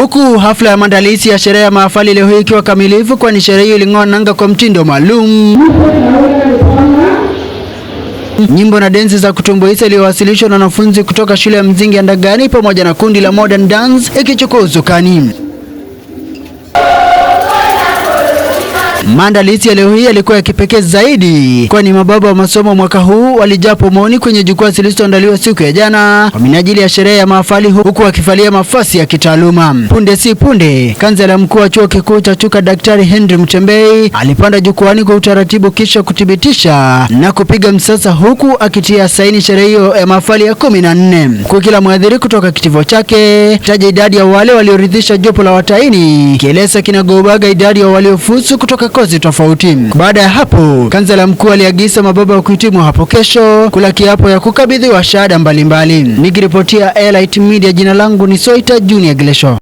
Huku hafla ya maandalizi ya sherehe ya mahafali leo hii ikiwa kamilifu, kwani sherehe hiyo iling'oa nanga kwa mtindo maalum. Nyimbo na densi za kutumbuiza iliyowasilishwa na wanafunzi kutoka shule ya mzingi ya Ndagani pamoja na kundi la modern dance ikichukua usukani. Maandalizi ya leo hii yalikuwa ya kipekee zaidi, kwani mababa wa masomo mwaka huu walijaa pomoni kwenye jukwaa zilizoandaliwa siku ya jana kwa minajili ya sherehe ya mahafali, huku wakivalia mafasi ya kitaaluma. Punde si punde, kansela mkuu wa chuo kikuu cha Chuka Daktari Henry Mtembei alipanda jukwani kwa utaratibu, kisha kuthibitisha na kupiga msasa, huku akitia saini sherehe hiyo ya mahafali ya kumi na nne, huku kila mhadhiri kutoka kitivo chake taja idadi ya wale walioridhisha jopo la wataini, kieleza kinagobaga idadi ya waliofuzu kutoka viongozi tofauti. Baada ya hapo, kansela mkuu aliagiza mababa wa kuhitimu hapo kesho kula kiapo ya kukabidhiwa shahada mbalimbali. Nikiripotia Elite Media, jina langu ni Soita Junior Glesho.